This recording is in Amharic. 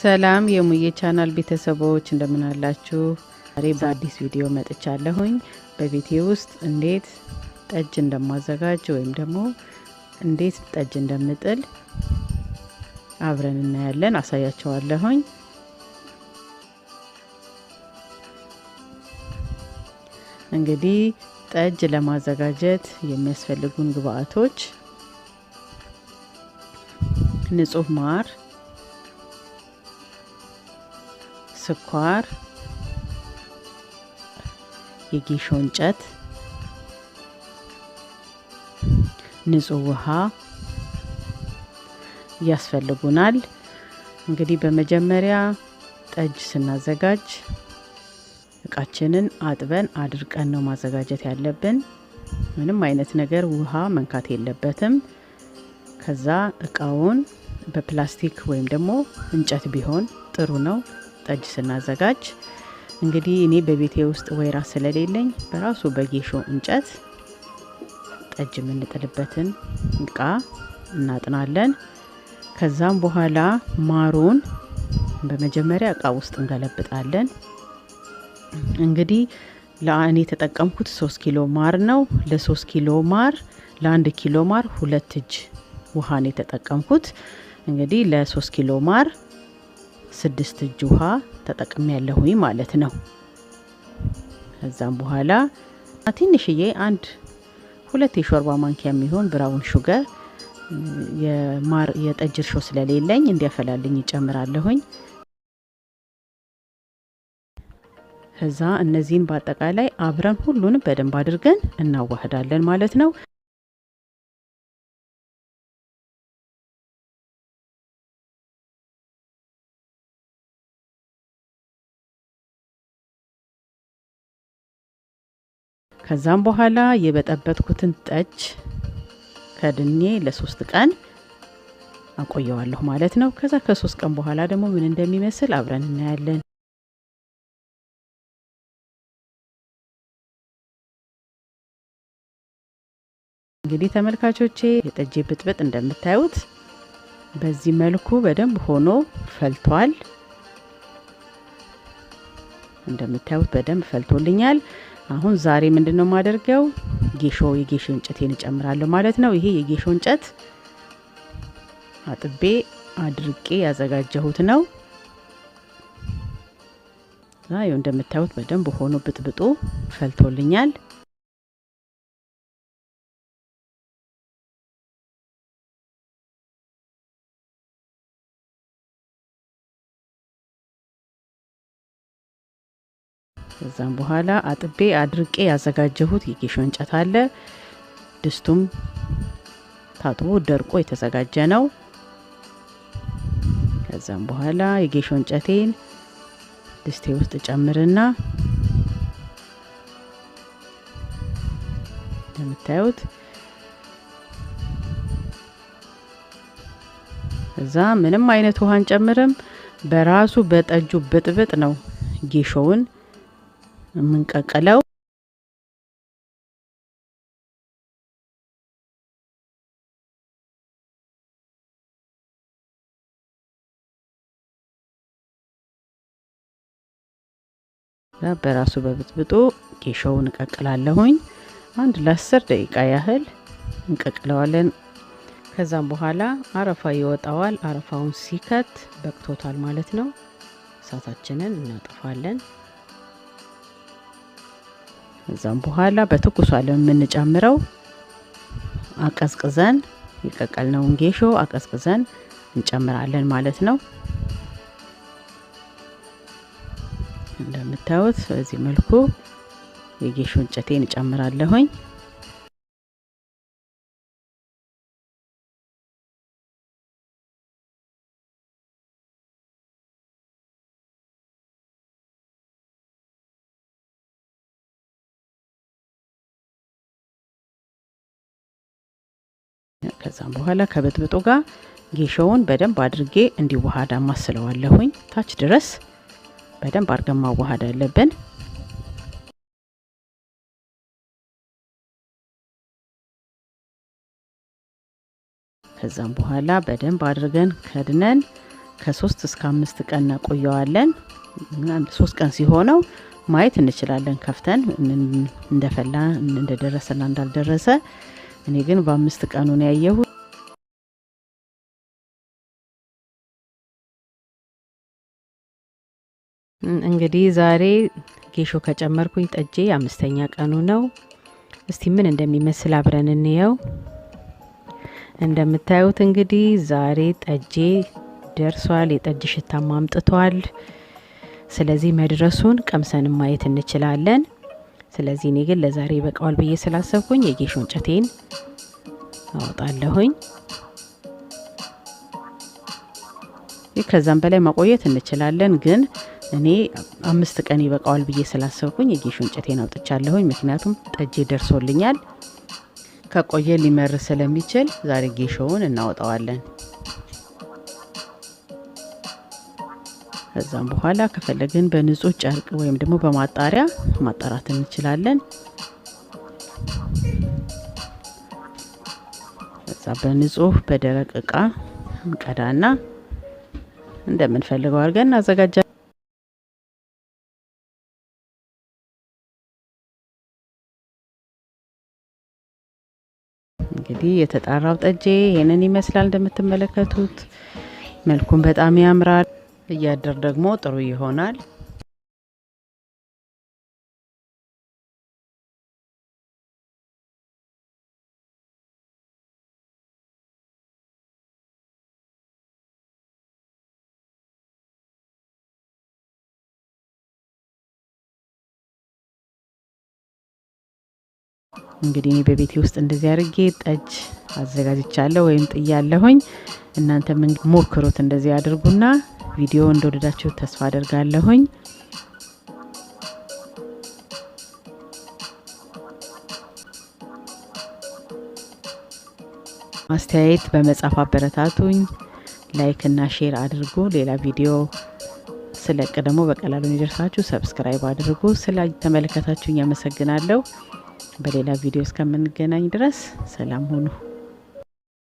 ሰላም የሙዬ ቻናል ቤተሰቦች እንደምናላችሁ ዛሬ በአዲስ ቪዲዮ መጥቻለሁኝ። በቤቴ ውስጥ እንዴት ጠጅ እንደማዘጋጅ ወይም ደግሞ እንዴት ጠጅ እንደምጥል አብረን እናያለን፣ አሳያቸዋለሁኝ። እንግዲህ ጠጅ ለማዘጋጀት የሚያስፈልጉን ግብአቶች ንጹህ ማር ስኳር፣ የጌሾ እንጨት፣ ንጹህ ውሃ ያስፈልጉናል። እንግዲህ በመጀመሪያ ጠጅ ስናዘጋጅ እቃችንን አጥበን አድርቀን ነው ማዘጋጀት ያለብን። ምንም አይነት ነገር ውሃ መንካት የለበትም። ከዛ እቃውን በፕላስቲክ ወይም ደግሞ እንጨት ቢሆን ጥሩ ነው። ጠጅ ስናዘጋጅ እንግዲህ እኔ በቤቴ ውስጥ ወይራ ስለሌለኝ በራሱ በጌሾ እንጨት ጠጅ የምንጥልበትን እቃ እናጥናለን። ከዛም በኋላ ማሩን በመጀመሪያ እቃ ውስጥ እንገለብጣለን። እንግዲህ ለእኔ የተጠቀምኩት ሶስት ኪሎ ማር ነው። ለሶስት ኪሎ ማር ለአንድ ኪሎ ማር ሁለት እጅ ውሃ የተጠቀምኩት። እንግዲህ ለሶስት ኪሎ ማር ስድስት እጅ ውሃ ተጠቅሜ ያለሁኝ ማለት ነው። ከዛም በኋላ ትንሽዬ አንድ ሁለት የሾርባ ማንኪያ የሚሆን ብራውን ሹገር የማር የጠጅ እርሾ ስለሌለኝ እንዲያፈላልኝ ይጨምራለሁኝ። ከዛ እነዚህን በአጠቃላይ አብረን ሁሉንም በደንብ አድርገን እናዋህዳለን ማለት ነው። ከዛም በኋላ የበጠበጥኩትን ጠጅ ከድኔ ለሶስት ቀን አቆየዋለሁ ማለት ነው። ከዛ ከሶስት ቀን በኋላ ደግሞ ምን እንደሚመስል አብረን እናያለን። እንግዲህ ተመልካቾቼ የጠጄ ብጥብጥ እንደምታዩት በዚህ መልኩ በደንብ ሆኖ ፈልቷል። እንደምታዩት በደንብ ፈልቶልኛል። አሁን ዛሬ ምንድን ነው የማደርገው? ጌሾ የጌሾ እንጨቴን እጨምራለሁ ማለት ነው። ይሄ የጌሾ እንጨት አጥቤ አድርቄ ያዘጋጀሁት ነው። ዛሬው እንደምታዩት በደንብ ሆኖ ብጥብጡ ፈልቶልኛል። ከዛም በኋላ አጥቤ አድርቄ ያዘጋጀሁት የጌሾ እንጨት አለ። ድስቱም ታጥቦ ደርቆ የተዘጋጀ ነው። ከዛም በኋላ የጌሾ እንጨቴን ድስቴ ውስጥ ጨምርና እንደምታዩት እዛ ምንም አይነት ውሃ አንጨምርም። በራሱ በጠጁ ብጥብጥ ነው ጌሾውን የምንቀቅለው። በራሱ በብጥብጡ ጌሾውን እቀቅላለሁኝ። አንድ ለአስር ደቂቃ ያህል እንቀቅለዋለን። ከዛም በኋላ አረፋ ይወጣዋል። አረፋውን ሲከት በቅቶታል ማለት ነው። እሳታችንን እናጥፋለን። ከዛም በኋላ አለም የምንጨምረው አቀዝቅዘን የቀቀልነውን ጌሾ አቀዝቅዘን እንጨምራለን ማለት ነው። እንደምታዩት በዚህ መልኩ የጌሾ እንጨቴን እጨምራለሁኝ። ከዛም በኋላ ከበጥብጦ ጋር ጌሾውን በደንብ አድርጌ እንዲዋሃድ አማስለዋለሁኝ። ታች ድረስ በደንብ አድርገን ማዋሃድ አለብን። ከዛም በኋላ በደንብ አድርገን ከድነን ከሶስት እስከ አምስት ቀን እናቆየዋለን። ሶስት ቀን ሲሆነው ማየት እንችላለን። ከፍተን እንደፈላ እንደደረሰና እንዳልደረሰ እኔ ግን በአምስት ቀኑ ነው ያየሁት እንግዲህ ዛሬ ጌሾ ከጨመርኩኝ ጠጄ አምስተኛ ቀኑ ነው። እስቲ ምን እንደሚመስል አብረን እንየው። እንደምታዩት እንግዲህ ዛሬ ጠጄ ደርሷል። የጠጅ ሽታም አምጥቷል። ስለዚህ መድረሱን ቀምሰን ማየት እንችላለን። ስለዚህ እኔ ግን ለዛሬ ይበቃዋል ብዬ ስላሰብኩኝ የጌሾ እንጨቴን አወጣለሁኝ። ከዛም በላይ ማቆየት እንችላለን፣ ግን እኔ አምስት ቀን ይበቃዋል ብዬ ስላሰብኩኝ የጌሾ እንጨቴን አውጥቻለሁኝ። ምክንያቱም ጠጄ ደርሶልኛል። ከቆየ ሊመር ስለሚችል ዛሬ ጌሾውን እናወጣዋለን። ከዛም በኋላ ከፈለግን በንጹህ ጨርቅ ወይም ደግሞ በማጣሪያ ማጣራት እንችላለን። ከዛ በንጹህ በደረቅ እቃ እንቀዳና እንደምንፈልገው አድርገን እናዘጋጃለን። እንግዲህ የተጣራው ጠጄ ይህንን ይመስላል እንደምትመለከቱት መልኩም በጣም ያምራል። እያደር ደግሞ ጥሩ ይሆናል። እንግዲህ በቤቴ ውስጥ እንደዚህ አድርጌ ጠጅ አዘጋጅቻለሁ ወይም ጥያለሁኝ። እናንተም ሞክሩት እንደዚህ አድርጉና ቪዲዮ እንደወደዳችሁ ተስፋ አደርጋለሁኝ። አስተያየት በመጻፍ አበረታቱኝ። ላይክ እና ሼር አድርጉ። ሌላ ቪዲዮ ስለቅ ደግሞ በቀላሉ እንዲደርሳችሁ ሰብስክራይብ አድርጉ። ስለተመለከታችሁኝ አመሰግናለሁ። በሌላ ቪዲዮ እስከምንገናኝ ድረስ ሰላም ሁኑ።